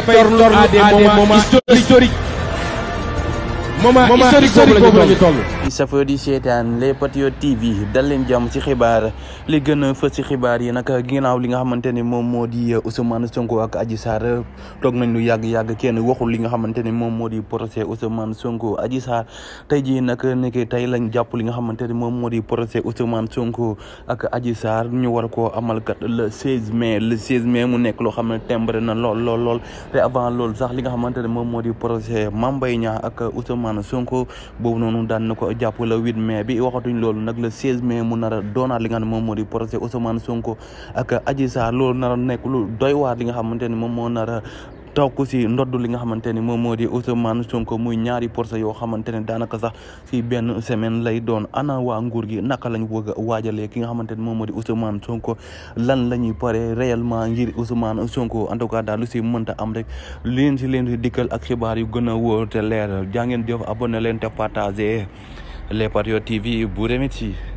torne à des moments historiques. moment historique boobu la ñu toll. safar yi seetaan les patriotes TV dal leen jàmm ci xibaar li gën a fës ci xibaar yi nag ginnaaw li nga xamante ne moom moo di Ousmane Sonko ak Adji Sarr toog nañ lu yàgg-yàgg kenn waxul li nga xamante ne moom moo di procès Ousmane Sonko Adji Sarr tey jii nag nekk tey lañ jàpp li nga xamante ne moom moo di procès Ousmane Sonko ak Adji Sarr ñu war ko amal kat le 16 mai le 16 mai mu nekk loo xam ne timbre na lool lool lool te avant loolu sax li nga xamante ne moom moo di procès Mame Mbaye Niang ak Ousmane Sonko boobu noonu daan na ko jàpp le 8 mai bi waxatuñ loolu nag le 16 mais mu nar doona doonaat li nga xam ne moom moo di procès Ousmane Sonko ak Adji Sarr loolu nar a nekk lu doy waar li nga xamante ni moom moo nar toog si ndodd li nga xamante ni moom moo di Ousmane Sonko muy ñaari procès yoo xamante ne daanaka sax si benn semaine lay doon ana waa nguur gi naka lañ bëgg a waajalee ki nga xamante ni moom moo di Ousmane Sonko lan la ñuy pare réellement ngir Ousmane Sonko en tout cas daal lu si mënta am rek leen si leen di dikkal ak xibaar yu gën a wóor te leer jaa ngeen jëf abonné leen te partager les Patriotes TV bu remercie